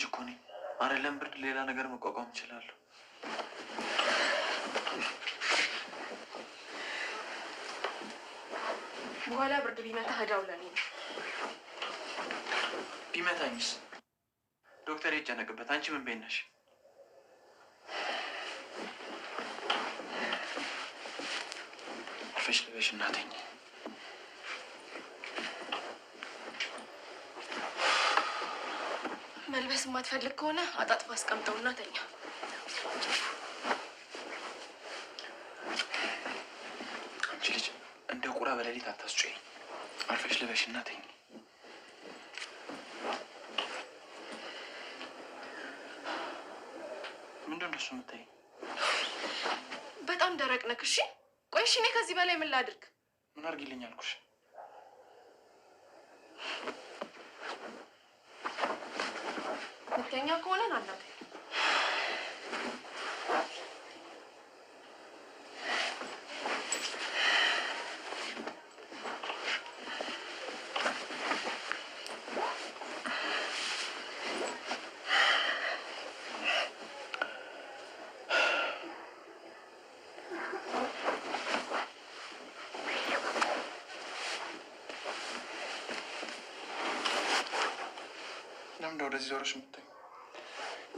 ልጅ እኮ ነኝ። አይደለም ብርድ፣ ሌላ ነገር መቋቋም እችላለሁ። በኋላ ብርድ ቢመታ ህዳው ለኔ ነው። ቢመታኝስ? ዶክተር ይጨነቅበት። አንቺ ምን ቤት ነሽ? አርፈሽ ልበሽ እናተኝ መልበስ የማትፈልግ ከሆነ አጣጥፋ አስቀምጠውና ተኛ። አንቺ ልጅ እንደ ቁራ በሌሊት አታስጮይ። አርፈሽ ልበሽና ተኝ። ምንድን እንደሱ የምታይ በጣም ደረቅ ነክ። እሺ ቆይ እሺ፣ እኔ ከዚህ በላይ ምን ላድርግ? ምን አድርጊልኝ አልኩሽ? ምቀኛ ከሆነን አናገኝ ወደዚህ ዞሮች የምታኝ?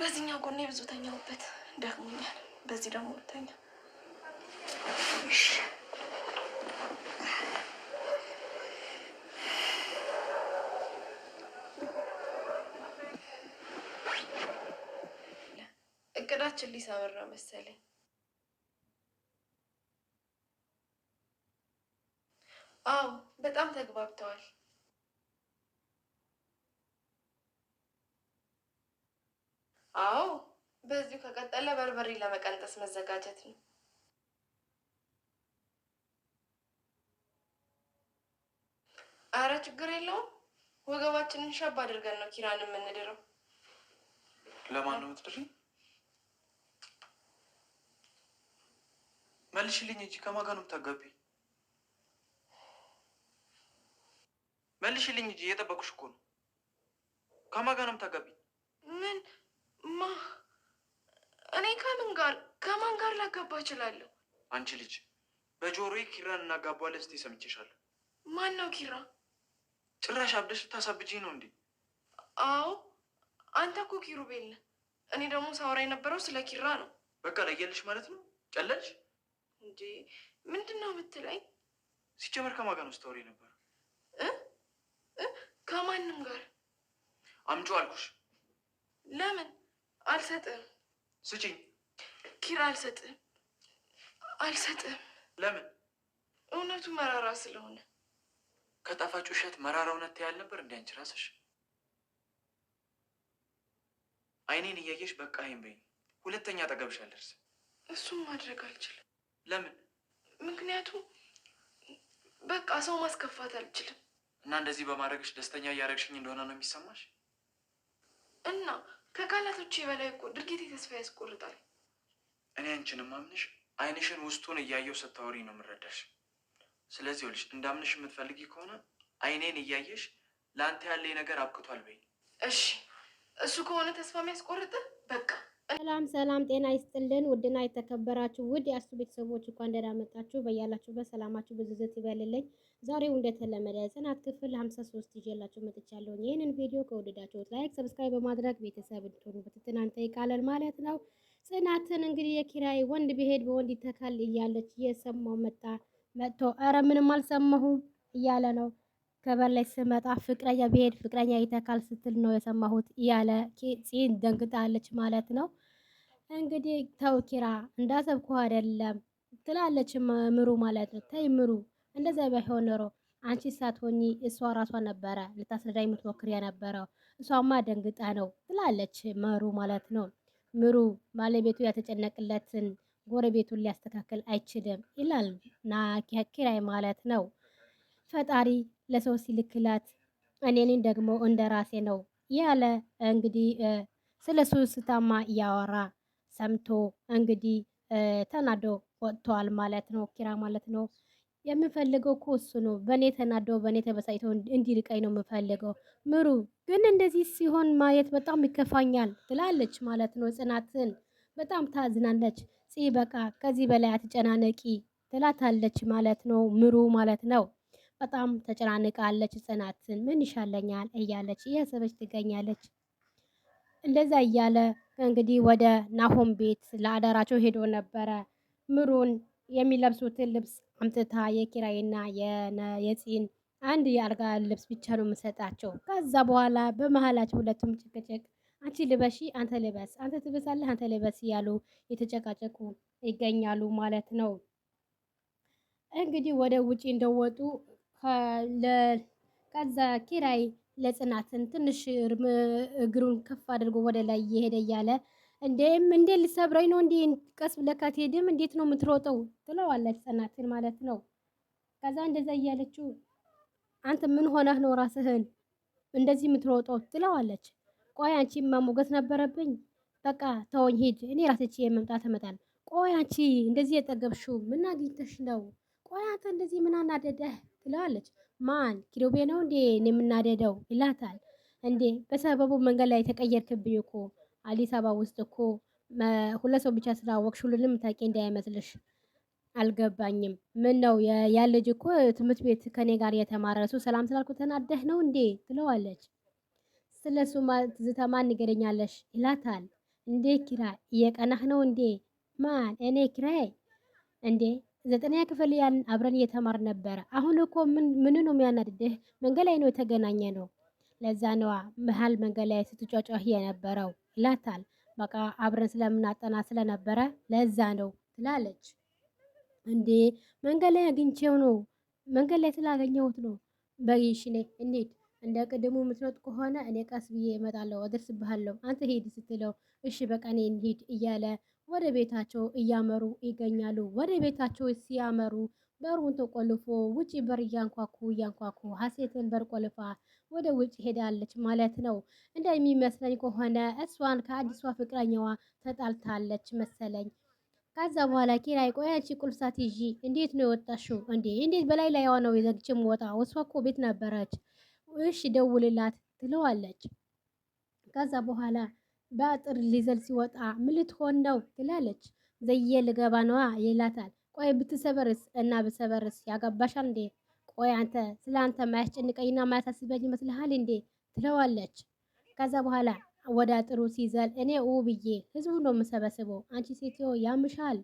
በዚህኛው ጎኔ ብዙ ተኛውበት ደክሞኛል። በዚህ ደግሞ ተኛ። እቅዳችን ሊሰምር ነው መሰለኝ። አዎ በጣም ተግባብተዋል። አዎ፣ በዚሁ ከቀጠለ በርበሬ ለመቀንጠስ መዘጋጀት ነው። አረ ችግር የለውም። ወገባችንን ሸብ አድርገን ነው ኪራን የምንድረው። ለማን ነው የምትድሪው? መልሽልኝ እንጂ ከማን ጋር ነው የምታጋቢኝ? መልሽልኝ እንጂ እየጠበኩሽ እኮ ነው። ከማን ጋር ነው የምታጋቢኝ? ምን ማ እኔ ከምን ጋር ከማን ጋር ላጋባ እችላለሁ? አንቺ ልጅ በጆሮዬ ኪራን እናጋባለን ስትይ ሰምቼሻለሁ። ማን ነው ኪራ? ጭራሽ አብደሽ ልታሳብጂኝ ነው እንዴ? አዎ አንተ እኮ ኪሩቤል ነህ። እኔ ደግሞ ሳውራ የነበረው ስለ ኪራ ነው። በቃ ለየልሽ ማለት ነው። ጨለልሽ እንዴ? ምንድን ነው የምትለኝ? ሲጀመር ከማን ጋር ነው ስታወሪ ነበር? ከማንም ጋር አምጮ አልኩሽ። ለምን አልሰጥም። ስጪኝ። ኪራ አልሰጥም፣ አልሰጥም። ለምን? እውነቱ መራራ ስለሆነ። ከጣፋጭ ውሸት መራራ እውነት ያህል ነበር እንዲ አንቺ ራስሽ አይኔን እያየሽ በቃ ይሄን በይኝ። ሁለተኛ አጠገብሽ አልደርስ እሱም ማድረግ አልችልም። ለምን? ምክንያቱም በቃ ሰው ማስከፋት አልችልም። እና እንደዚህ በማድረግሽ ደስተኛ እያደረግሽኝ እንደሆነ ነው የሚሰማሽ እና ከቃላቶች በላይ እኮ ድርጊቴ ተስፋ ያስቆርጣል። እኔ አንቺን ማምንሽ አይንሽን ውስጡን እያየው ስታወሪ ነው የምረዳሽ። ስለዚህ ልጅ እንዳምንሽ የምትፈልጊ ከሆነ አይኔን እያየሽ ለአንተ ያለኝ ነገር አብቅቷል በይ። እሺ፣ እሱ ከሆነ ተስፋ የሚያስቆርጥ በቃ ሰላም ሰላም፣ ጤና ይስጥልን ውድና የተከበራችሁ ውድ የአሱ ቤተሰቦች እንኳን ደህና መጣችሁ። በያላችሁበት ሰላማችሁ ብዝዝት ይበልልኝ። ዛሬው እንደተለመደ ጽናት ክፍል 53 ይዤላችሁ መጥቻለሁ። ይህንን ቪዲዮ ከወደዳችሁት ላይክ፣ ሰብስክራይብ በማድረግ ቤተሰብ እንድትሆኑ በትህትና እንጠይቃለን ማለት ነው። ጽናትን እንግዲህ የኪራይ ወንድ ቢሄድ በወንድ ይተካል እያለች እየሰማው መጣ መጥቶ ኧረ ምንም አልሰማሁም እያለ ነው ከበር ላይ ስመጣ ፍቅረኛ ብሄድ ፍቅረኛ ይተካል ስትል ነው የሰማሁት እያለ ፂን ደንግጣለች ማለት ነው። እንግዲህ ተው ኪራ እንዳሰብኩ አይደለም ትላለች ምሩ ማለት ነው። ተይ ምሩ እንደዛ ባይሆን ኖሮ አንቺ ሳትሆኚ እሷ ራሷ ነበረ ልታስረዳኝ የምትሞክር የነበረው እሷማ ደንግጣ ነው ትላለች ምሩ ማለት ነው። ምሩ ባለቤቱ ያልተጨነቅለትን ጎረቤቱን ሊያስተካክል አይችልም ይላል ና ኪራይ ማለት ነው። ፈጣሪ ለሰው ሲልክላት እኔን ደግሞ እንደ ራሴ ነው ያለ እንግዲህ ስለ ሱስታማ እያወራ ሰምቶ እንግዲህ ተናዶ ወጥቷል ማለት ነው። ኪራ ማለት ነው የምፈልገው እኮ እሱ ነው። በእኔ ተናዶ በእኔ ተበሳጭቶ እንዲርቀኝ ነው የምፈልገው። ምሩ ግን እንደዚህ ሲሆን ማየት በጣም ይከፋኛል ትላለች ማለት ነው። ጽናትን በጣም ታዝናለች። ጽ በቃ ከዚህ በላይ አትጨናነቂ ትላታለች ማለት ነው። ምሩ ማለት ነው በጣም ተጨናንቃለች። ጽናትን ምን ይሻለኛል እያለች እያሰበች ትገኛለች። እንደዛ እያለ እንግዲህ ወደ ናሆም ቤት ለአዳራቸው ሄዶ ነበረ። ምሩን የሚለብሱትን ልብስ አምጥታ የኪራይና የፂን አንድ የአልጋ ልብስ ብቻ ነው የምሰጣቸው። ከዛ በኋላ በመሀላቸው ሁለቱም ጭቅጭቅ፣ አንቺ ልበሺ፣ አንተ ልበስ፣ አንተ ትብሳለህ፣ አንተ ልበስ እያሉ የተጨቃጨቁ ይገኛሉ ማለት ነው። እንግዲህ ወደ ውጪ እንደወጡ ከዛ ኪራይ ለጽናትን ትንሽ እግሩን ከፍ አድርጎ ወደ ላይ እየሄደ እያለ እንዴም እንዴ ልሰብረኝ ነው እንዴ ቀስ ብለህ እንዴት ነው የምትሮጠው ትለዋለች ጽናትን ማለት ነው። ከዛ እንደዛ እያለችው አንተ ምን ሆነህ ነው ራስህን እንደዚህ የምትሮጠው ትለዋለች። ቆይ አንቺ ማሞገት ነበረብኝ። በቃ ተወኝ ሂድ፣ እኔ ራስች የመምጣት መጣል ቆይ አንቺ እንደዚህ የጠገብሽው ምን አግኝተሽ ነው? ቆይ አንተ እንደዚህ ምን አናደደህ? ትለዋለች ማን ኪሮቤ ነው እንዴ የምናደደው ይላታል። እንዴ በሰበቡ መንገድ ላይ የተቀየርክብኝ እኮ አዲስ አበባ ውስጥ እኮ ሁለት ሰው ብቻ ስላወቅሽ ሁሉንም ታውቂ እንዳይመስልሽ። አልገባኝም። ምን ነው ያ ልጅ እኮ ትምህርት ቤት ከኔ ጋር የተማረሱ ሰላም ስላልኩ ተናደህ ነው እንዴ ትለዋለች። ስለሱ ትዝታ ማን ንገረኛለሽ ይላታል። እንዴ ኪራ እየቀናህ ነው እንዴ? ማን እኔ ኪራይ እንዴ ዘጠነኛ ክፍል ያን አብረን እየተማር ነበረ። አሁን እኮ ምን ነው የሚያናድድህ? መንገድ ላይ ነው የተገናኘ ነው። ለዛ ነዋ መሀል መንገድ ላይ ስትጫጫህ የነበረው ይላታል። በቃ አብረን ስለምናጠና ስለነበረ ለዛ ነው ትላለች። እንዴ መንገድ ላይ አግኝቼው ነው መንገድ ላይ ስላገኘሁት ነው። በይሽኔ እንዴት እንደ ቅድሙ የምትሮጥ ከሆነ እኔ ቀስ ብዬ እመጣለሁ፣ አደርስብሃለሁ፣ አንተ ሂድ ስትለው እሺ በቃ እኔ እንሂድ እያለ ወደ ቤታቸው እያመሩ ይገኛሉ። ወደ ቤታቸው ሲያመሩ በሩን ተቆልፎ ውጪ በር እያንኳኩ እያንኳኩ ሀሴትን በር ቆልፋ ወደ ውጭ ሄዳለች ማለት ነው። እንደሚመስለኝ ከሆነ እሷን ከአዲሷ ፍቅረኛዋ ተጣልታለች መሰለኝ። ከዛ በኋላ ኪራይ ቆይ አንቺ ቁልፍ ሳትይዢ እንዴት ነው የወጣሽው? እንዴ እንዴት በላይ ላይ ነው የዘግች የምወጣ? እሷ እኮ ቤት ነበረች። እሺ ደውልላት ትለዋለች። ከዛ በኋላ በአጥር ሊዘል ሲወጣ ምን ልትሆን ነው ትላለች። ዘየ ልገባ ነዋ ይላታል። ቆይ ብትሰበርስ እና ብሰበርስ ያጋባሻል እንዴ? ቆይ አንተ ስለ አንተ ማያስጨንቀኝና ማያሳስበኝ ይመስልሃል እንዴ? ትለዋለች። ከዛ በኋላ ወደ አጥሩ ሲዘል እኔ ው ብዬ ህዝቡ ነው የምሰበስበው። አንቺ ሴትዮ ያምሻል፣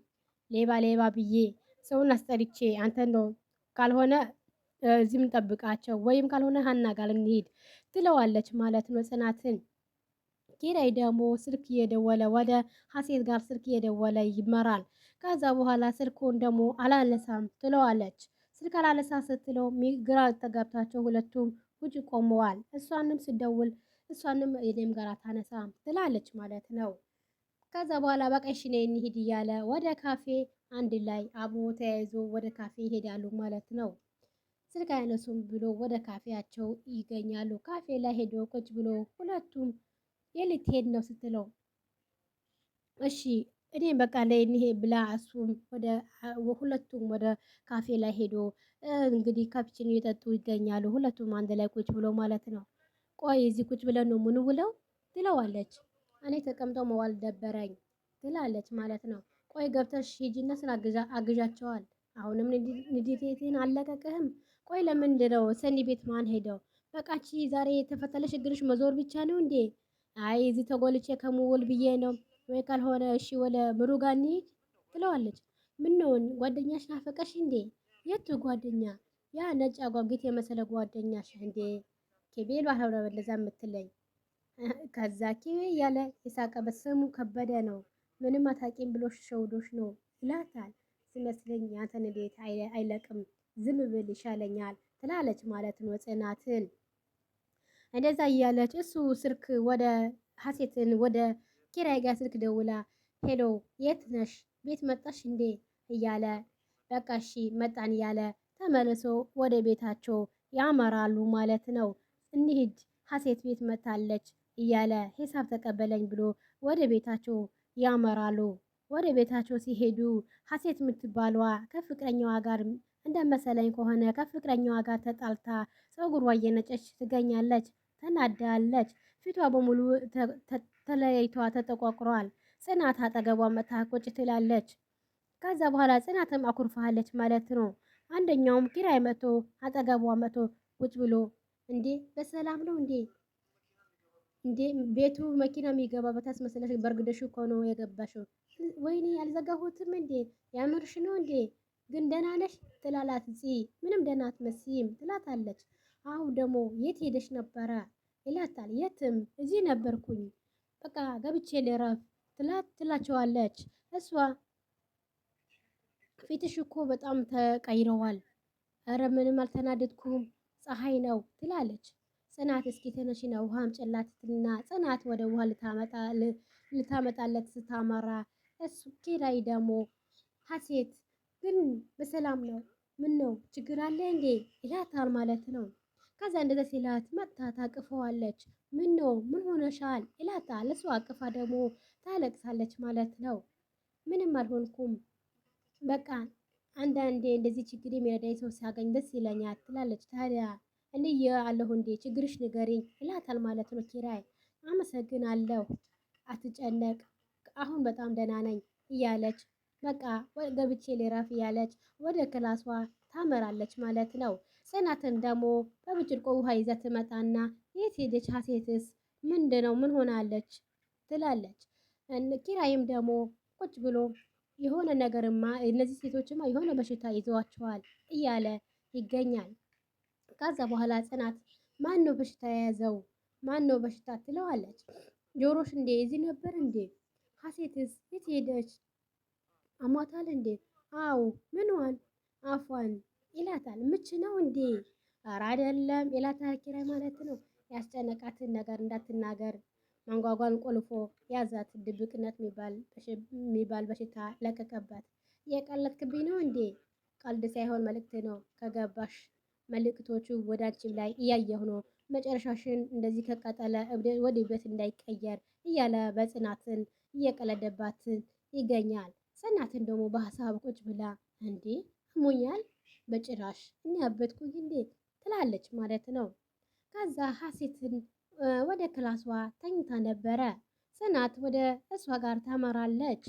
ሌባ ሌባ ብዬ ሰውን አስጠርቼ አንተ ነው ካልሆነ እዚህም ጠብቃቸው ወይም ካልሆነ ሀና ጋር እንሂድ ትለዋለች ማለት ነው ጽናትን ኪራይ ደግሞ ስልክ እየደወለ ወደ ሀሴት ጋር ስልክ እየደወለ ይመራል። ከዛ በኋላ ስልኩን ደግሞ አላነሳም ትለዋለች። ስልክ አላነሳ ስትለው ግራ ተጋብታቸው ሁለቱም ውጭ ቆመዋል። እሷንም ስደውል እሷንም እኔም ጋር አታነሳም ትላለች ማለት ነው። ከዛ በኋላ በቀሽ ነይ እንሂድ እያለ ወደ ካፌ አንድ ላይ አብሮ ተያይዞ ወደ ካፌ ይሄዳሉ ማለት ነው። ስልክ አይነሱም ብሎ ወደ ካፌያቸው ይገኛሉ። ካፌ ላይ ሄዶ ቁጭ ብሎ ሁለቱም የልትሄድ ነው ስትለው እሺ እኔ በቃ ላይ እኒሄ ብላ እሱም ወደ ሁለቱም ወደ ካፌ ላይ ሄዶ እንግዲህ ካፕቺኖ እየጠጡ ይገኛሉ። ሁለቱም አንድ ላይ ቁጭ ብሎ ማለት ነው። ቆይ እዚህ ቁጭ ብለን ነው ምኑ ውለው ትለዋለች። እኔ ተቀምጦ መዋል ደበረኝ ትላለች ማለት ነው። ቆይ ገብተሽ ሂጂና ስን አግዣቸዋል። አሁንም ንዴቴን አለቀቅህም። ቆይ ለምንድነው ሰኒ ቤት ማን ሄደው? በቃቺ ዛሬ የተፈተለሽ እግርሽ መዞር ብቻ ነው እንዴ? አይ እዚህ ተጎልቼ ከምውል ብዬ ነው ወይ ካልሆነ እሺ ወደ ምሩ ጋር እንሂድ ትለዋለች። ምነውን ጓደኛሽ ናፈቀሽ እንዴ? የቱ ጓደኛ? ያ ነጭ አጓጊት የመሰለ ጓደኛሽ እንዴ? ኬቤ ባለው ለበለዛ የምትለኝ ከዛ ኬቤ እያለ የሳቀበት በሰሙ ከበደ ነው። ምንም አታቂም ብሎሽ ሸውዶሽ ነው ይላታል። ሲመስለኝ ያንተን አይለቅም ዝም ብል ይሻለኛል ትላለች ማለት ነው ጽናትን እንደዛ እያለች እሱ ስልክ ወደ ሀሴትን ወደ ኪራይ ጋር ስልክ ደውላ ሄሎ የት ነሽ ቤት መጣሽ እንዴ እያለ በቃ እሺ መጣን እያለ ተመልሶ ወደ ቤታቸው ያመራሉ ማለት ነው። እንሂድ ሀሴት ቤት መታለች እያለ ሂሳብ ተቀበለኝ ብሎ ወደ ቤታቸው ያመራሉ። ወደ ቤታቸው ሲሄዱ ሀሴት የምትባለዋ ከፍቅረኛዋ ጋር እንደመሰለኝ ከሆነ ከፍቅረኛዋ ጋር ተጣልታ ፀጉሯ እየነጨች ትገኛለች። ተናዳለች። ፊቷ በሙሉ ተለይቷ ተጠቋቁሯል። ጽናት አጠገቧ መታ ቁጭ ትላለች። ከዛ በኋላ ጽናትም አኩርፋሃለች ማለት ነው። አንደኛውም ኪራይ መቶ አጠገቧ መቶ ቁጭ ብሎ እንዴ በሰላም ነው እንዴ እንዴ ቤቱ መኪና የሚገባ በታስ መሰለሽ በርግደሽ እኮ ነው የገባሽው። ወይኔ ያልዘጋሁትም እንዴ ያምርሽ ነው እንዴ ግን ደህና ነሽ ትላላት ፂ ምንም ደህና አትመስይም ትላታለች። አሁ ደግሞ የት ሄደሽ ነበረ ይላታል። የትም እዚህ ነበርኩኝ በቃ ገብቼ ልረፍ ትላት ትላቸዋለች። እሷ ፊትሽ እኮ በጣም ተቀይረዋል። እረ ምንም አልተናደድኩም ፀሐይ ነው ትላለች። ጽናት እስኪ ተነሽና ውሃ አምጪላት እና ጽናት ወደ ውሃ ልታመጣለት ስታመራ እሱ ኪራይ ደግሞ ሀሴት ግን በሰላም ነው፣ ምን ነው ችግር አለ እንዴ ይላታል ማለት ነው። ከዛ እንደዛ ሲላት መጥታ ታቅፈዋለች። ምን ነው ምን ሆነሻል ይላታል። እሷ አቅፋ ደግሞ ታለቅሳለች ማለት ነው። ምንም አልሆንኩም በቃ አንዳንዴ እንደዚህ ችግር የሚረዳኝ ሰው ሲያገኝ ደስ ይለኛል ትላለች። ታዲያ እኔ አለሁ እንዴ ችግርሽ ንገሪኝ ይላታል ማለት ነው። ኪራይ አመሰግናለሁ፣ አትጨነቅ፣ አሁን በጣም ደህና ነኝ እያለች በቃ ገብቼ ልረፍ እያለች ወደ ክላሷ ታመራለች ማለት ነው። ጽናትን ደግሞ በብርጭቆ ውሃ ይዛ ትመጣና የት ሄደች? ሀሴትስ ምንድነው? ምን ሆናለች? ትላለች። ኪራይም ደግሞ ቁጭ ብሎ የሆነ ነገርማ እነዚህ ሴቶችማ የሆነ በሽታ ይዘዋቸዋል እያለ ይገኛል። ከዛ በኋላ ጽናት ማን ነው በሽታ የያዘው? ማን ነው በሽታ ትለዋለች። ጆሮሽ እንዴ እዚህ ነበር እንዴ? ሀሴትስ የት ሄደች? አሟታል እንዴ? አዎ ምንዋን አፏን ይላታል። ምች ነው እንዴ? ኧረ አይደለም ይላታል። ኪራይ ማለት ነው ያስጨነቃትን ነገር እንዳትናገር መንጓጓን ቆልፎ ያዛት። ድብቅነት የሚባል በሽታ ለቀቀባት። የቀለድክብኝ ነው እንዴ? ቀልድ ሳይሆን መልእክት ነው። ከገባሽ መልእክቶቹ ወዳጅም ላይ እያየሁ ነው። መጨረሻሽን እንደዚህ ከቀጠለ ወደ ቤት እንዳይቀየር እያለ በጽናትን እየቀለደባትን ይገኛል። ጽናትን ደግሞ በሀሳብ ቁጭ ብላ እንዴ ሞኛል በጭራሽ እኔ ያበድኩኝ እንዴ ትላለች ማለት ነው። ከዛ ሀሴትን ወደ ክላሷ ተኝታ ነበረ። ጽናት ወደ እሷ ጋር ታመራለች።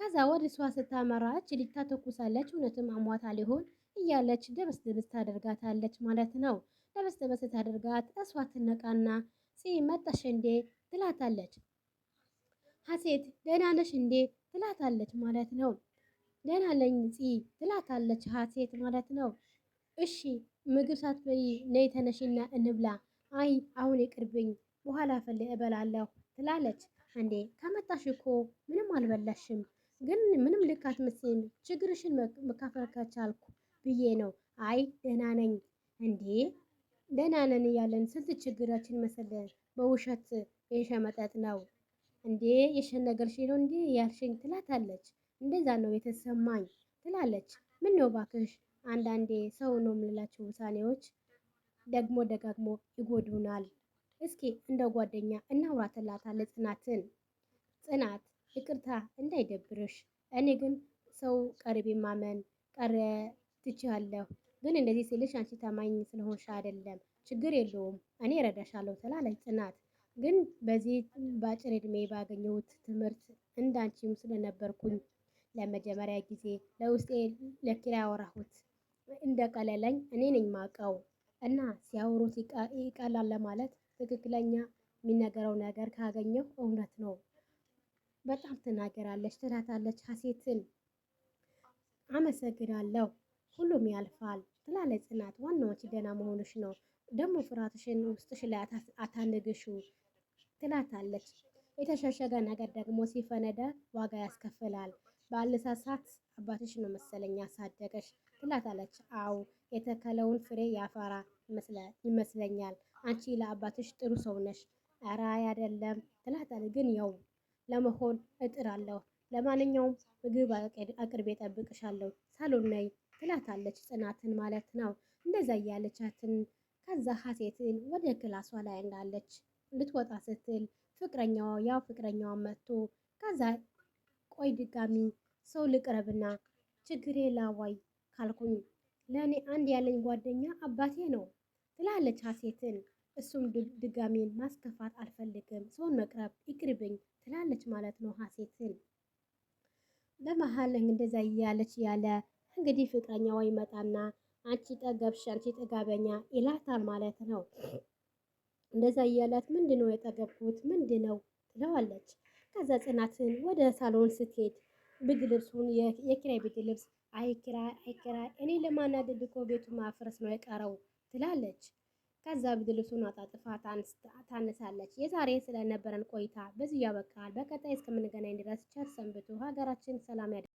ከዛ ወደ እሷ ስታመራች ልጅ ተኩሳለች። እውነትም አሟታ ሊሆን እያለች ደበስ ደበስ ታደርጋታለች ማለት ነው። ደበስ ደበስ ታደርጋት እሷ ትነቃና ፂ መጣሽ እንዴ ትላታለች። ሀሴት ደህና ነሽ እንዴ ትላታለች ማለት ነው። ደህና ነኝ ፂ ትላታለች ሀሴት ማለት ነው። እሺ ምግብ ሳትበይ ነይ ተነሽና እንብላ። አይ አሁን ይቅርብኝ በኋላ ፈል እበላለሁ ትላለች። እንዴ ከመጣሽ እኮ ምንም አልበላሽም፣ ግን ምንም ልክ አትመስይም። ችግርሽን መካፈል ከቻልኩ ብዬ ነው። አይ ደህና ነኝ። እንዴ ደህና ነን እያለን ስንት ችግራችን መሰለን። በውሸት የሸመጠጥ ነው። እንዴ የሸነገርሽ ነው እንዴ ያልሽኝ ትላታለች። እንደዛ ነው የተሰማኝ ትላለች። ምን ነው ባክሽ፣ አንዳንዴ ሰው ነው የምንላቸው ውሳኔዎች ደግሞ ደጋግሞ ይጎዱናል። እስኪ እንደ ጓደኛ እናውራ ትላታለች ጽናትን። ጽናት ይቅርታ እንዳይደብርሽ፣ እኔ ግን ሰው ቀርቤ ማመን ቀረ ትችላለሁ፣ ግን እንደዚህ ሲልሽ አንቺ ታማኝ ስለሆንሽ አይደለም። ችግር የለውም እኔ እረዳሻለሁ ትላለች ጽናት ግን በዚህ በአጭር እድሜ ባገኘሁት ትምህርት እንዳንቺም ስለነበርኩኝ ለመጀመሪያ ጊዜ ለውስጤ ለኪራ ያወራሁት እንደቀለለኝ እኔ ነኝ ማቀው እና ሲያወሩት ይቀላል ለማለት ትክክለኛ የሚነገረው ነገር ካገኘው እውነት ነው። በጣም ትናገራለች፣ ትላታለች ሀሴትን አመሰግናለሁ፣ ሁሉም ያልፋል ትላለች ጽናት። ዋናዎች አንቺ ደህና መሆንሽ ነው። ደግሞ ፍርሃትሽን ውስጥሽ ላይ አታንግሹ። ትላታለች። የተሸሸገ ነገር ደግሞ ሲፈነዳ ዋጋ ያስከፍላል። በአልሳሳት አባትሽ ነው መሰለኝ ያሳደገሽ ትላታለች። አው የተከለውን ፍሬ ያፈራ ይመስለኛል። አንቺ ለአባትሽ ጥሩ ሰው ነሽ። ኧረ አይደለም ትላታለች። ግን ያው ለመሆን እጥራለሁ። ለማንኛውም ምግብ አቅርቤ እጠብቅሻለሁ፣ ሳሎን ነይ ትላታለች። ጽናትን ማለት ነው። እንደዛ እያለቻትን ከዛ ሀሴትን ወደ ክላሷ ላይ እንዳለች ልትወጣ ስትል ፍቅረኛዋ ያው ፍቅረኛዋ መጥቶ ከዛ ቆይ ድጋሚ ሰው ልቅረብና ችግሬ ላዋይ ካልኩኝ ለእኔ አንድ ያለኝ ጓደኛ አባቴ ነው ትላለች ሀሴትን። እሱም ድጋሜን ማስከፋት አልፈልግም፣ ሰውን መቅረብ ይቅርብኝ ትላለች ማለት ነው ሀሴትን። በመሀል እንደዛ እያለች ያለ እንግዲህ ፍቅረኛዋ ይመጣና አንቺ ጠገብሽ፣ አንቺ ጥጋበኛ ይላታል ማለት ነው። እንደዛ እያላት ምንድነው የጠገብኩት ምንድነው ትለዋለች። ከዛ ጽናትን ወደ ሳሎን ስትሄድ ብግ ልብሱን የኪራይ ብድ ልብስ አይክራ አይክራ እኔ ለማናደድ እኮ ቤቱ ማፍረስ ነው የቀረው ትላለች። ከዛ ብግ ልብሱን አጣጥፋ ታነሳለች። የዛሬ ስለነበረን ቆይታ በዚህ ያበቃል። በቀጣይ እስከምንገናኝ ድረስ ቸር ሰንብቱ። ሀገራችን ሰላም ያደ